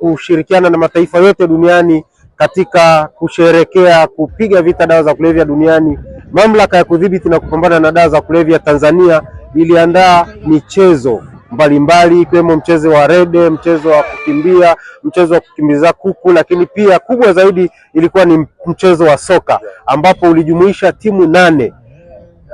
kushirikiana na mataifa yote duniani katika kusherekea kupiga vita dawa za kulevya duniani. Mamlaka ya kudhibiti na kupambana na dawa za kulevya Tanzania iliandaa michezo mbalimbali ikiwemo mchezo wa rede, mchezo wa kukimbia, mchezo wa kukimbiza kuku, lakini pia kubwa zaidi ilikuwa ni mchezo wa soka ambapo ulijumuisha timu nane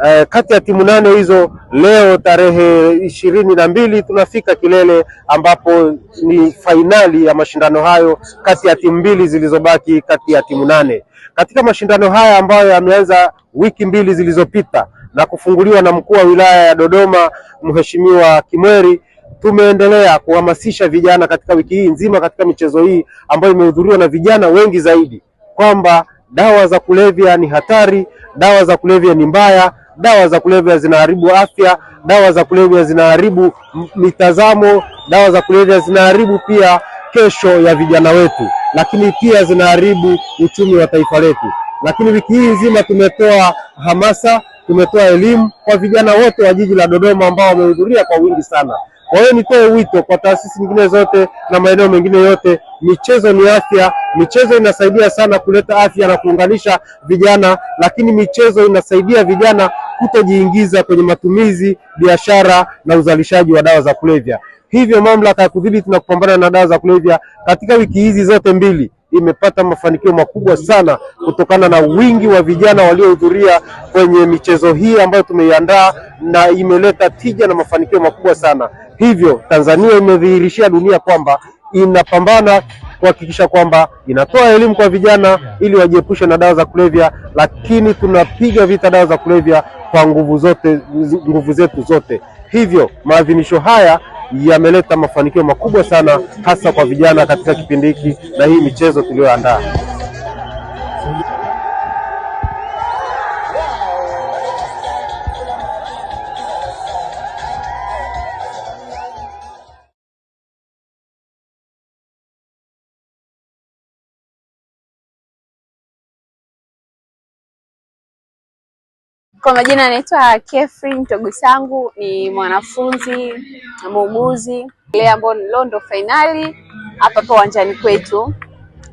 eh, kati ya timu nane hizo leo tarehe ishirini na mbili tunafika kilele ambapo ni fainali ya mashindano hayo kati ya timu mbili zilizobaki kati ya timu nane katika mashindano haya ambayo yameanza wiki mbili zilizopita na kufunguliwa na mkuu wa wilaya ya Dodoma Mheshimiwa Kimweri. Tumeendelea kuhamasisha vijana katika wiki hii nzima katika michezo hii ambayo imehudhuriwa na vijana wengi zaidi kwamba dawa za kulevya ni hatari, dawa za kulevya ni mbaya, dawa za kulevya zinaharibu afya, dawa za kulevya zinaharibu mitazamo, dawa za kulevya zinaharibu pia kesho ya vijana wetu, lakini pia zinaharibu uchumi wa taifa letu. Lakini wiki hii nzima tumetoa hamasa, tumetoa elimu kwa vijana wote wa jiji la Dodoma ambao wamehudhuria kwa wingi sana. Kwa hiyo nitoe wito kwa taasisi nyingine zote na maeneo mengine yote, michezo ni afya. Michezo inasaidia sana kuleta afya na kuunganisha vijana, lakini michezo inasaidia vijana kutojiingiza kwenye matumizi, biashara na uzalishaji wa dawa za kulevya. Hivyo mamlaka ya kudhibiti na kupambana na dawa za kulevya katika wiki hizi zote mbili imepata mafanikio makubwa sana kutokana na wingi wa vijana waliohudhuria kwenye michezo hii ambayo tumeiandaa na imeleta tija na mafanikio makubwa sana. Hivyo Tanzania imedhihirishia dunia kwamba inapambana kuhakikisha kwamba inatoa elimu kwa vijana ili wajiepushe na dawa za kulevya, lakini tunapiga vita dawa za kulevya kwa nguvu zote, nguvu zetu zote. Hivyo maadhimisho haya yameleta mafanikio makubwa sana hasa kwa vijana katika kipindi hiki na hii michezo tuliyoandaa. Kwa majina anaitwa Kefri Mtogosangu, ni mwanafunzi na muuguzi. Leo ambao ndo fainali hapa kwa uwanjani kwetu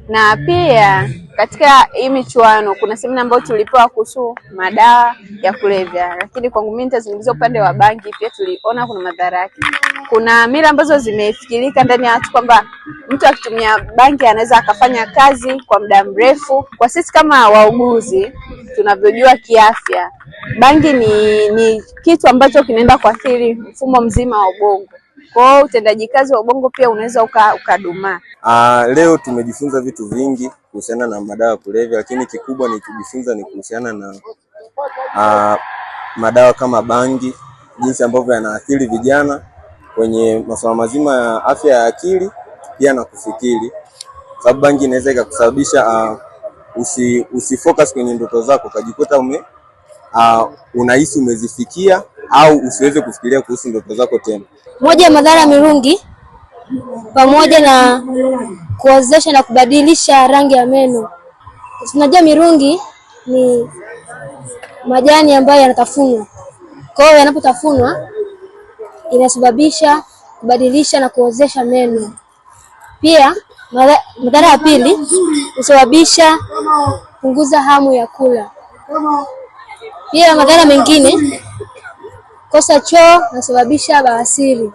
na pia katika hii michuano kuna semina ambayo tulipewa kuhusu madawa ya kulevya, lakini kwangu mimi nitazungumzia upande wa bangi. Pia tuliona kuna madhara yake, kuna mila ambazo zimefikirika ndani ya watu kwamba mtu akitumia bangi anaweza akafanya kazi kwa muda mrefu. Kwa sisi kama wauguzi tunavyojua kiafya, bangi ni, ni kitu ambacho kinaenda kuathiri mfumo mzima wa ubongo kwao utendaji kazi wa ubongo pia unaweza ukadumaa. Uka ah, leo tumejifunza vitu vingi kuhusiana na madawa ya kulevya, lakini kikubwa ni kujifunza ni kuhusiana na aa, ah, madawa kama bangi, jinsi ambavyo yanaathiri vijana kwenye masuala mazima ya afya ya akili pia na kufikiri, sababu bangi inaweza ikakusababisha ah, usi, usifocus kwenye ndoto zako ukajikuta ume uh, unahisi umezifikia au usiweze kufikiria kuhusu ndoto zako tena. Moja ya madhara mirungi pamoja na kuozesha na kubadilisha rangi ya meno. Tunajua mirungi ni majani ambayo yanatafunwa, kwa hiyo yanapotafunwa inasababisha kubadilisha na kuozesha meno. Pia madhara ya pili husababisha kupunguza hamu ya kula pia madhara mengine, kosa choo nasababisha bawasiri.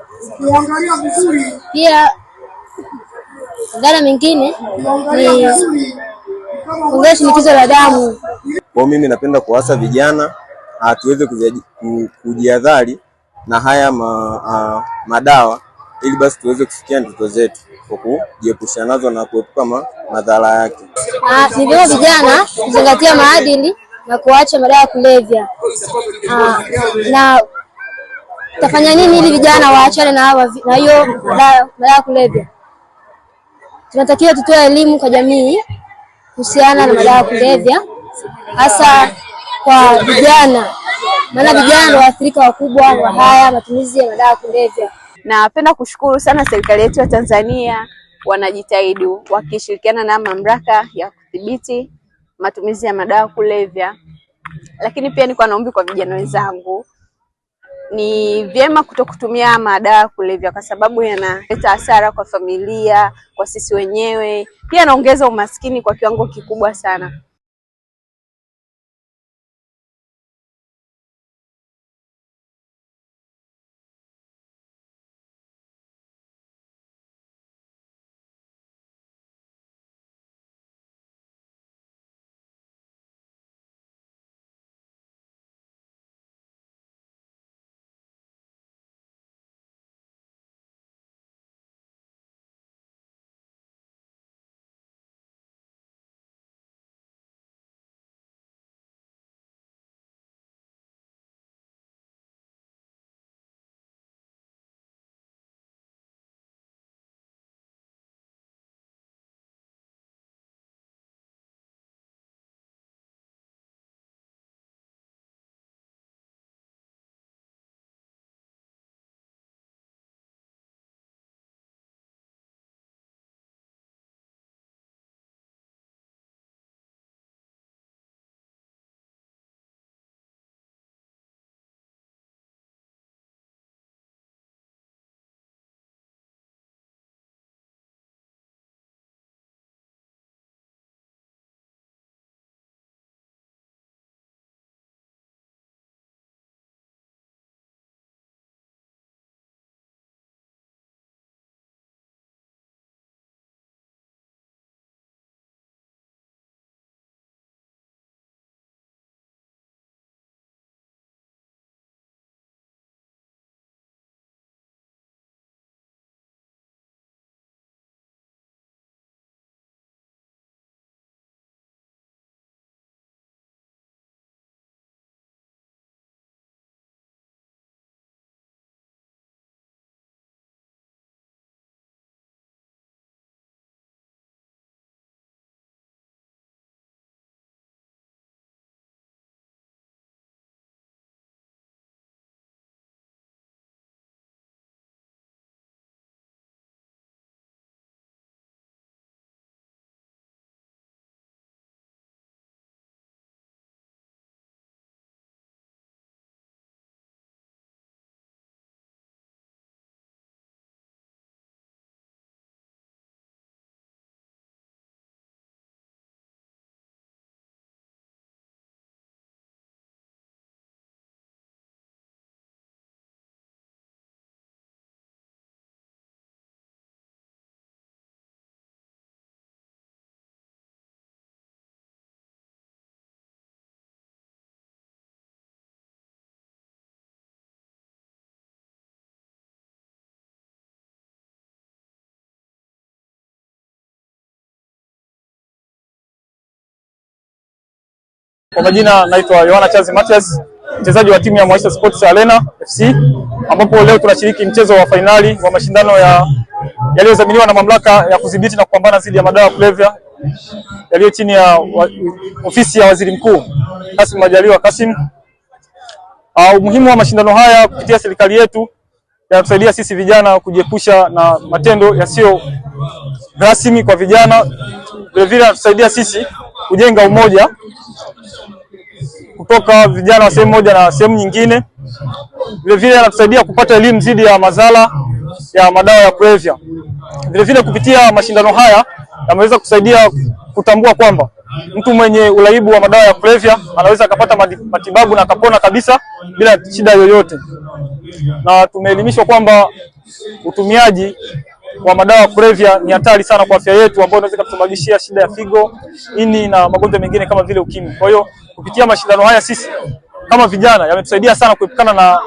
Pia madhara mengine ni kuongeza shinikizo la damu. Kwa mimi napenda kuwasa vijana tuweze kujiadhari na haya ma, a, madawa ili basi tuweze kufikia ndoto zetu kwa kujiepusha nazo na kuepuka madhara yake. Ah, ni vyema vijana kuzingatia maadili na kuacha madawa ya kulevya. Aa, ah, na tafanya nini ili vijana waachane na hiyo madawa ya kulevya? Tunatakiwa tutoe elimu kwa jamii kuhusiana na madawa ya kulevya, hasa kwa vijana, maana vijana ndio waathirika wakubwa wa haya matumizi ya madawa ya kulevya. Napenda kushukuru sana serikali yetu ya Tanzania, wanajitahidi wakishirikiana na mamlaka ya kudhibiti matumizi ya madawa kulevya, lakini pia niko naombi kwa vijana wenzangu, ni vyema kuto kutumia madawa kulevya kwa sababu yanaleta hasara kwa familia, kwa sisi wenyewe, pia yanaongeza umaskini kwa kiwango kikubwa sana. Kwa majina naitwa Yohana Chazi Matias, mchezaji wa timu ya Mwaisha Sports Arena FC, ambapo leo tunashiriki mchezo wa fainali wa mashindano ya yaliyodhaminiwa na mamlaka ya kudhibiti na kupambana dhidi ya madawa ya kulevya yaliyo chini ya wa, ofisi ya waziri mkuu Kassim Majaliwa Kassim. Uh, umuhimu wa mashindano haya kupitia serikali yetu yanatusaidia sisi vijana kujiepusha na matendo yasiyo rasmi kwa vijana, vilevile yanatusaidia sisi kujenga umoja kutoka vijana wa sehemu moja na sehemu nyingine. Vilevile anatusaidia kupata elimu dhidi ya madhara ya madawa ya kulevya. Vilevile kupitia mashindano haya yameweza kusaidia kutambua kwamba mtu mwenye uraibu wa madawa ya kulevya anaweza akapata matibabu na akapona kabisa bila shida yoyote, na tumeelimishwa kwamba utumiaji wa madawa ya kulevya ni hatari sana kwa afya yetu, ambayo inaweza kutusababishia shida ya figo, ini na magonjwa mengine kama vile ukimwi. Kwa hiyo kupitia mashindano haya sisi kama vijana yametusaidia sana kuepukana na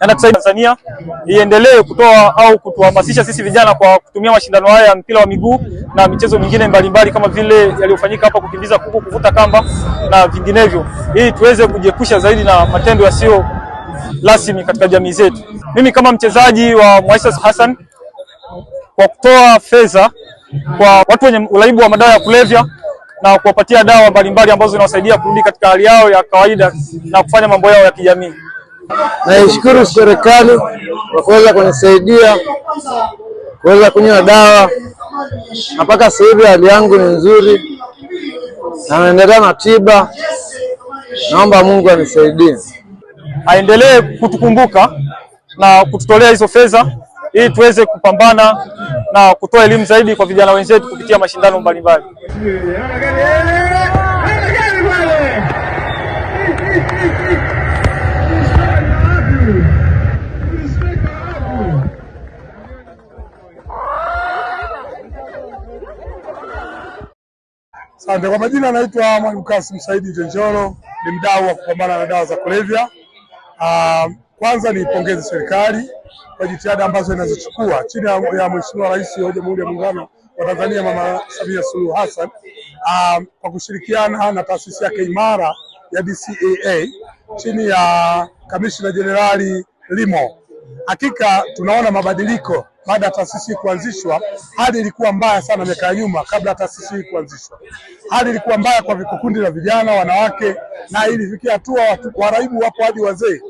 yanatusaidia Tanzania iendelee kutoa au kutuhamasisha sisi vijana kwa kutumia mashindano haya ya mpira wa miguu na michezo mingine mbalimbali kama vile yaliyofanyika hapa, kukimbiza kuku, kuvuta kamba na vinginevyo, ili tuweze kujiepusha zaidi na matendo yasiyo rasmi katika jamii zetu. Mimi kama mchezaji wa Mwaises Hassan kwa kutoa fedha kwa watu wenye uraibu wa madawa ya kulevya na kuwapatia dawa mbalimbali ambazo zinawasaidia kurudi katika hali yao ya kawaida na kufanya mambo yao ya kijamii. Naishukuru serikali kwa kuweza kunisaidia kuweza kunywa dawa, na mpaka sasa hivi hali yangu ni nzuri naendelea na tiba. Naomba Mungu anisaidie, aendelee kutukumbuka na kututolea hizo fedha ili tuweze kupambana na kutoa elimu zaidi kwa vijana wenzetu kupitia mashindano mbalimbali. Asante. Kwa majina anaitwa Mwalimu Kasim Saidi Jonjoro, ni mdau wa kupambana na dawa za kulevya. Um, kwanza niipongeze serikali kwa jitihada ambazo inazichukua chini ya Mheshimiwa Rais wa Jamhuri ya Muungano wa Tanzania Mama Samia Suluhu Hassan um, kwa kushirikiana na taasisi yake imara ya DCAA chini ya Kamishna Jenerali Limo. Hakika tunaona mabadiliko baada ya taasisi kuanzishwa. Hali ilikuwa mbaya sana miaka ya nyuma kabla ya taasisi hii kuanzishwa, hali ilikuwa mbaya kwa vikundi la vijana, wanawake, na ilifikia hatua waraibu wapo hadi wazee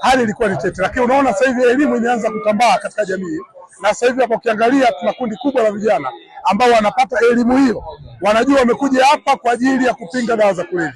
hali ilikuwa ni tete, lakini unaona sasa hivi elimu imeanza kutambaa katika jamii, na sasa hivi hapo ukiangalia tuna kundi kubwa la vijana ambao wanapata elimu hiyo, wanajua wamekuja hapa kwa ajili ya kupinga dawa za kulevya.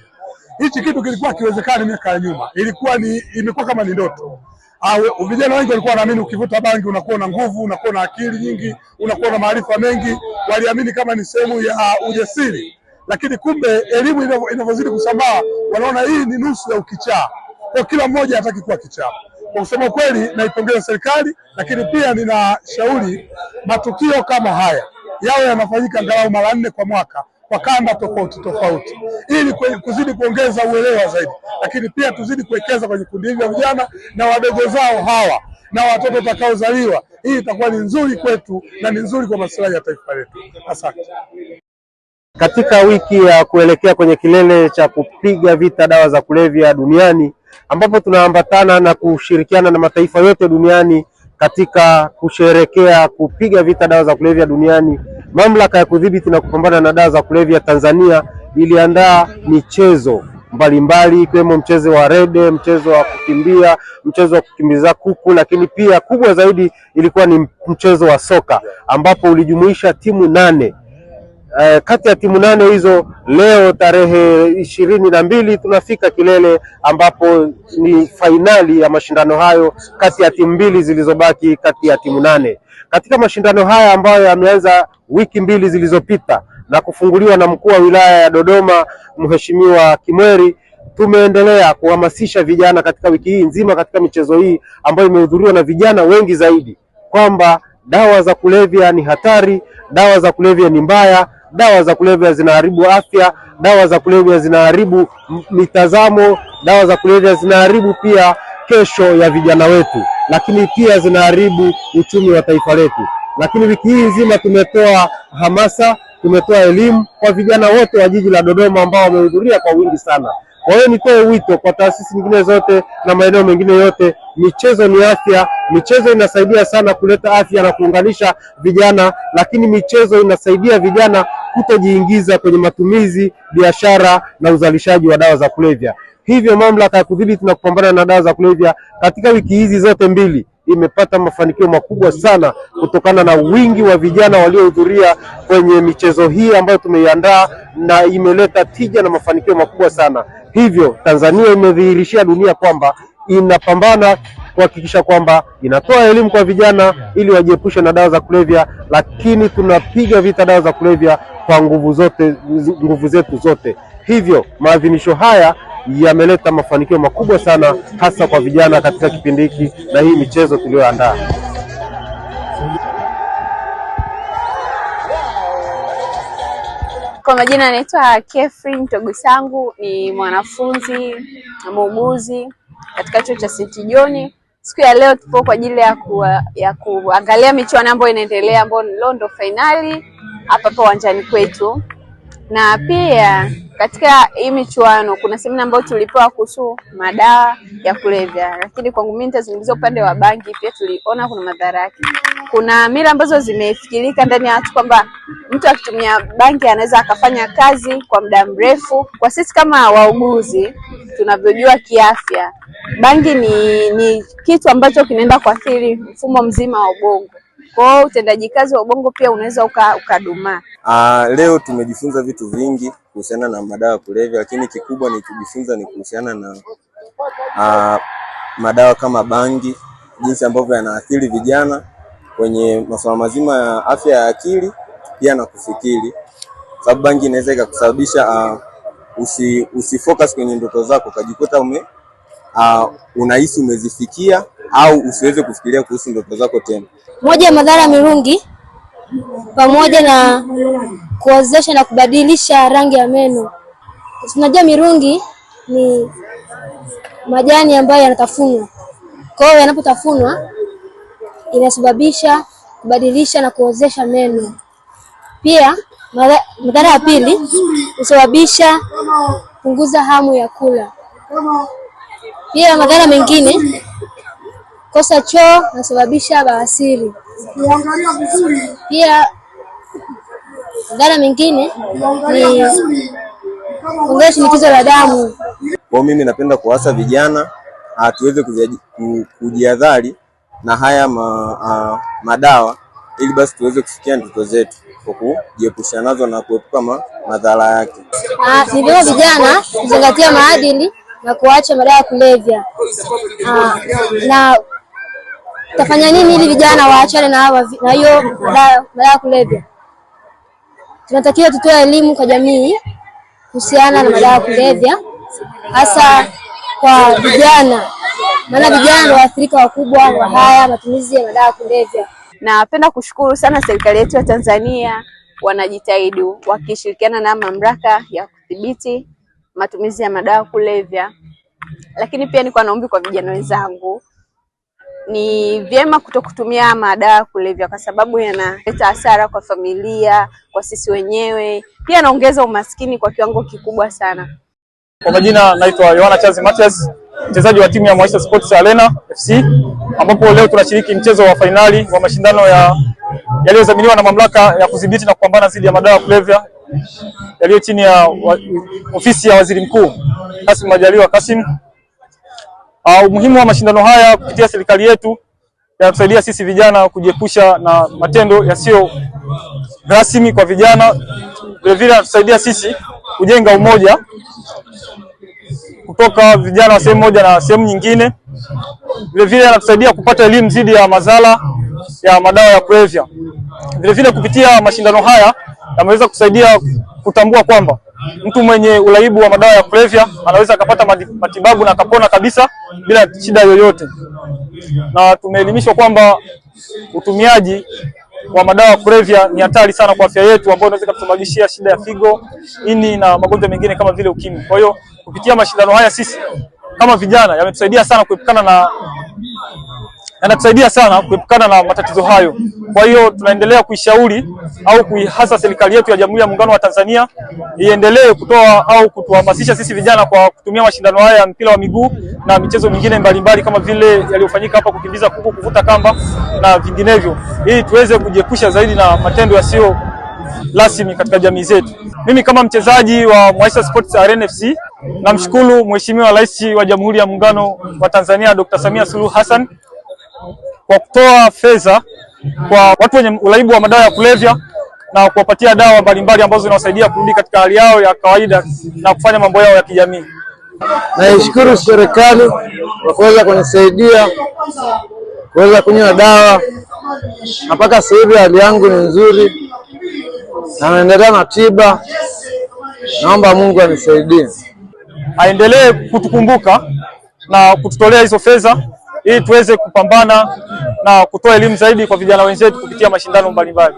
Hichi kitu kilikuwa kiwezekani miaka ya nyuma, ilikuwa ni imekuwa kama ni ndoto. Ah, vijana wengi walikuwa wanaamini ukivuta bangi unakuwa na nguvu, unakuwa na akili nyingi, unakuwa na maarifa mengi, waliamini kama ni sehemu ya ah, ujasiri, lakini kumbe elimu inavyozidi kusambaa, wanaona hii ni nusu ya ukichaa. Kwa kila mmoja hataki kuwa kichama. Kwa kusema kweli, naipongeza serikali, lakini pia ninashauri matukio kama haya yawe yanafanyika angalau mara nne kwa mwaka kwa kanda tofauti tofauti, ili kuzidi kuongeza uelewa zaidi, lakini pia tuzidi kuwekeza kwenye kundi hili la vijana na wadogo zao hawa na watoto watakaozaliwa. Hii itakuwa ni nzuri kwetu na ni nzuri kwa maslahi ya taifa letu. Asante. Katika wiki ya kuelekea kwenye kilele cha kupiga vita dawa za kulevya duniani ambapo tunaambatana na kushirikiana na mataifa yote duniani katika kusherekea kupiga vita dawa za kulevya duniani. Mamlaka ya kudhibiti na kupambana na dawa za kulevya Tanzania iliandaa michezo mbalimbali ikiwemo mchezo wa rede, mchezo wa kukimbia, mchezo wa kukimbiza kuku, lakini pia kubwa zaidi ilikuwa ni mchezo wa soka ambapo ulijumuisha timu nane eh, kati ya timu nane hizo leo tarehe ishirini na mbili tunafika kilele ambapo ni fainali ya mashindano hayo kati ya timu mbili zilizobaki kati ya timu nane katika mashindano haya ambayo yameanza wiki mbili zilizopita na kufunguliwa na mkuu wa wilaya ya Dodoma Mheshimiwa Kimweri. Tumeendelea kuhamasisha vijana katika wiki hii nzima katika michezo hii ambayo imehudhuriwa na vijana wengi zaidi, kwamba dawa za kulevya ni hatari, dawa za kulevya ni mbaya, dawa za kulevya zinaharibu afya, dawa za kulevya zinaharibu mitazamo, dawa za kulevya zinaharibu pia kesho ya vijana wetu, lakini pia zinaharibu uchumi wa taifa letu. Lakini wiki hii nzima tumetoa hamasa, tumetoa elimu kwa vijana wote wa jiji la Dodoma ambao wamehudhuria kwa wingi sana. Kwa hiyo nitoe wito kwa taasisi nyingine zote na maeneo mengine yote, michezo ni afya. Michezo inasaidia sana kuleta afya na kuunganisha vijana, lakini michezo inasaidia vijana kutojiingiza kwenye matumizi, biashara na uzalishaji wa dawa za kulevya. Hivyo mamlaka ya kudhibiti na kupambana na dawa za kulevya katika wiki hizi zote mbili imepata mafanikio makubwa sana kutokana na wingi wa vijana waliohudhuria kwenye michezo hii ambayo tumeiandaa na imeleta tija na mafanikio makubwa sana. Hivyo Tanzania imedhihirishia dunia kwamba inapambana kuhakikisha kwamba inatoa elimu kwa vijana ili wajiepushe na dawa za kulevya, lakini tunapiga vita dawa za kulevya kwa nguvu zote, nguvu zetu zote. Hivyo maadhimisho haya yameleta mafanikio makubwa sana hasa kwa vijana katika kipindi hiki na hii michezo tuliyoandaa. Kwa majina anaitwa Kefrin Togusangu, ni mwanafunzi na muuguzi katika chuo cha St. John. Siku ya leo tupo kwa ajili ya, ya kuangalia michuano ambayo inaendelea ambayo leo ndo fainali hapa hapa uwanjani kwetu na pia katika hii michuano kuna semina ambayo tulipewa kuhusu madawa ya kulevya, lakini kwangu mimi nitazungumzia upande wa bangi. Pia tuliona kuna madhara yake, kuna mila ambazo zimefikirika ndani ya watu kwamba mtu akitumia bangi anaweza akafanya kazi kwa muda mrefu. Kwa sisi kama wauguzi tunavyojua kiafya, bangi ni, ni kitu ambacho kinaenda kuathiri mfumo mzima wa ubongo, kwa hiyo utendaji kazi wa ubongo pia unaweza ukadumaa uka Aa, ah, leo tumejifunza vitu vingi kuhusiana na madawa ya kulevya, lakini kikubwa ni kujifunza ni kuhusiana na aa, ah, madawa kama bangi, jinsi ambavyo yanaathiri vijana kwenye masuala mazima ya afya ya akili pia na kufikiri, sababu bangi inaweza ikakusababisha ah, usi, usifocus kwenye ndoto zako ukajikuta ume uh, unahisi umezifikia au usiweze kufikiria kuhusu ndoto zako tena. Moja ya madhara ya mirungi pamoja na kuozesha na kubadilisha rangi ya meno. Tunajua mirungi ni majani ambayo yanatafunwa, kwa hiyo yanapotafunwa inasababisha kubadilisha na kuozesha meno. Pia madhara ya pili husababisha kupunguza hamu ya kula. Pia madhara mengine, kosa choo nasababisha bawasiri. Pia dhana mingine ni kuongeza shinikizo la damu. Kwa mimi napenda kuasa vijana tuweze kujihadhari na haya ma, a, madawa ili basi tuweze kufikia ndoto zetu kwa kujiepusha nazo na kuepuka ma, madhara yake. Ah, ni vyema vijana kuzingatia maadili na kuacha madawa ya kulevya ah, na Tafanya nini ili vijana waachane na hiyo madawa ya kulevya? Tunatakiwa tutoe elimu kwa jamii kuhusiana na madawa ya kulevya, hasa kwa vijana, maana vijana ndio waathirika wakubwa wa haya matumizi ya madawa ya kulevya. Napenda kushukuru sana serikali yetu ya Tanzania, wanajitahidi wakishirikiana na mamlaka ya kudhibiti matumizi ya madawa kulevya, lakini pia ni kwa naombi kwa vijana wenzangu ni vyema kuto kutumia madawa ya kulevya kwa sababu yanaleta hasara kwa familia, kwa sisi wenyewe, pia yanaongeza umaskini kwa kiwango kikubwa sana. Kwa majina naitwa Yohana Chazi Matias, mchezaji wa timu ya Mwaisha Sports Arena FC, ambapo leo tunashiriki mchezo wa fainali wa mashindano ya yaliyodhaminiwa na mamlaka ya kudhibiti na kupambana dhidi ya madawa ya kulevya yaliyo chini ya wa, ofisi ya waziri mkuu Kassim Majaliwa Kassim Uh, umuhimu wa mashindano haya kupitia serikali yetu yanatusaidia sisi vijana kujiepusha na matendo yasiyo rasmi kwa vijana, vilevile yanatusaidia sisi kujenga umoja kutoka vijana wa sehemu moja na sehemu nyingine. Vilevile yanatusaidia kupata elimu dhidi ya madhara ya madawa ya kulevya. Vilevile kupitia mashindano haya yameweza kusaidia kutambua kwamba Mtu mwenye uraibu wa madawa ya kulevya anaweza akapata matibabu na akapona kabisa bila shida yoyote, na tumeelimishwa kwamba utumiaji wa madawa ya kulevya ni hatari sana kwa afya yetu, ambayo inaweza kutusababishia shida ya figo, ini na magonjwa mengine kama vile ukimwi. Kwa hiyo kupitia mashindano haya sisi kama vijana yametusaidia sana kuepukana na yanatusaidia sana kuepukana na matatizo hayo. Kwa hiyo tunaendelea kuishauri au kuihasa serikali yetu ya Jamhuri ya Muungano wa Tanzania iendelee kutoa au kutuhamasisha sisi vijana kwa kutumia mashindano haya ya mpira wa miguu na michezo mingine mbalimbali kama vile yaliyofanyika hapa, kukimbiza kuku, kuvuta kamba na vinginevyo, ili tuweze kujiepusha zaidi na matendo yasiyo rasmi katika jamii zetu. Mimi kama mchezaji wa Mwaisa Sports Arena FC namshukuru Mheshimiwa Rais wa Jamhuri ya Muungano wa Tanzania Dr. Samia Suluhu Hassan kwa kutoa fedha kwa watu wenye uraibu wa madawa ya kulevya na kuwapatia dawa mbalimbali ambazo zinawasaidia kurudi katika hali yao ya kawaida na kufanya mambo yao ya kijamii. Naishukuru serikali kwa kuweza kunisaidia kuweza kunywa dawa, na mpaka sasa hivi hali yangu ni nzuri na naendelea na tiba. Naomba Mungu anisaidie, aendelee kutukumbuka na kututolea hizo fedha ili tuweze kupambana na kutoa elimu zaidi kwa vijana wenzetu kupitia mashindano mbalimbali.